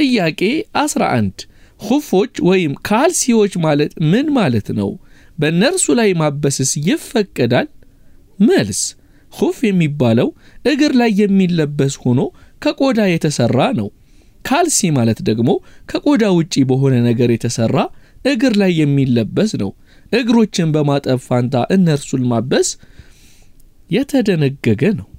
ጥያቄ 11 ሁፎች ወይም ካልሲዎች ማለት ምን ማለት ነው? በእነርሱ ላይ ማበስስ ይፈቀዳል? መልስ ሁፍ የሚባለው እግር ላይ የሚለበስ ሆኖ ከቆዳ የተሰራ ነው። ካልሲ ማለት ደግሞ ከቆዳ ውጪ በሆነ ነገር የተሰራ እግር ላይ የሚለበስ ነው። እግሮችን በማጠብ ፋንታ እነርሱን ማበስ የተደነገገ ነው።